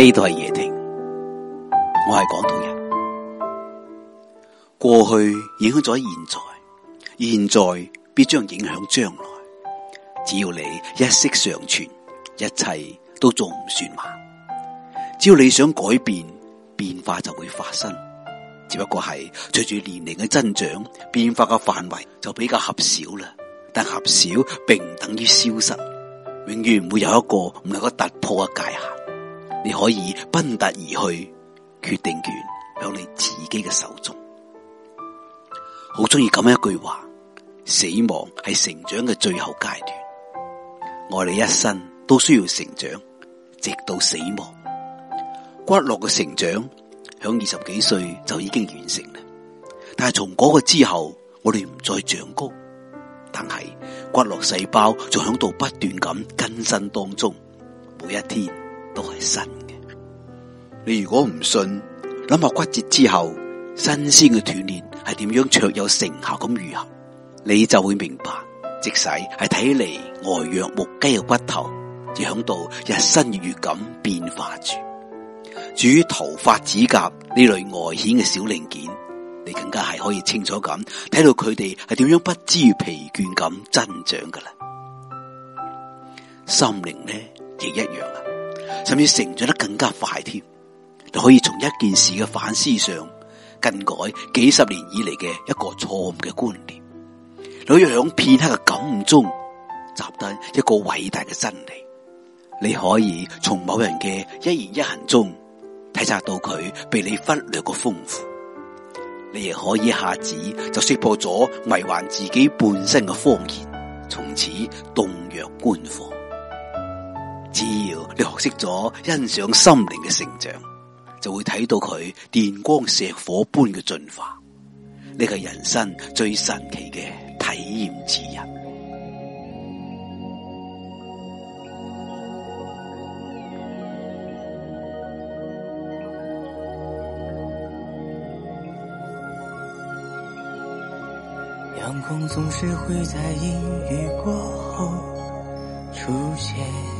呢度係夜聽，我係廣東人。過去影響咗現在，現在必將影響將來。只要你一息尚存，一切都仲唔算晚。只要你想改變，變化就會發生。只不過係隨住年齡嘅增長，變化嘅範圍就比較狹小啦。但狹小並唔等於消失，永遠唔會有一個唔係一個突破嘅界限。你可以奔達而去，決定權響你自己嘅手中。好中意咁樣一句話：死亡係成長嘅最後階段。我哋一生都需要成長，直到死亡。骨骼嘅成長響二十幾歲就已經完成啦，但係從嗰個之後，我哋唔再長高，但係骨骼細胞仲響度不斷咁更新當中，每一天都係新。你如果唔信，諗下骨折之後新鮮嘅鍛煉係點樣卓有成效咁愈合，你就會明白。即使係睇起嚟呆若木雞嘅骨頭，亦響度日新月異咁變化住。至於頭髮、指甲呢類外顯嘅小零件，你更加係可以清楚咁睇到佢哋係點樣不知疲倦咁增長噶啦。心靈呢亦一樣啊，甚至成長得更加快添。你可以從一件事嘅反思上，更改幾十年以嚟嘅一個錯誤嘅觀念；你可以響片刻嘅感悟中，習得一個偉大嘅真理。你可以從某人嘅一言一行中，睇察到佢被你忽略嘅豐富。你亦可以一下子就識破咗迷幻自己半生嘅謊言，從此洞若觀火。只要你學識咗欣賞心靈嘅成長。就會睇到佢電光石火般嘅進化，呢個人生最神奇嘅體驗之一。陽光總是會在陰雨過後出現。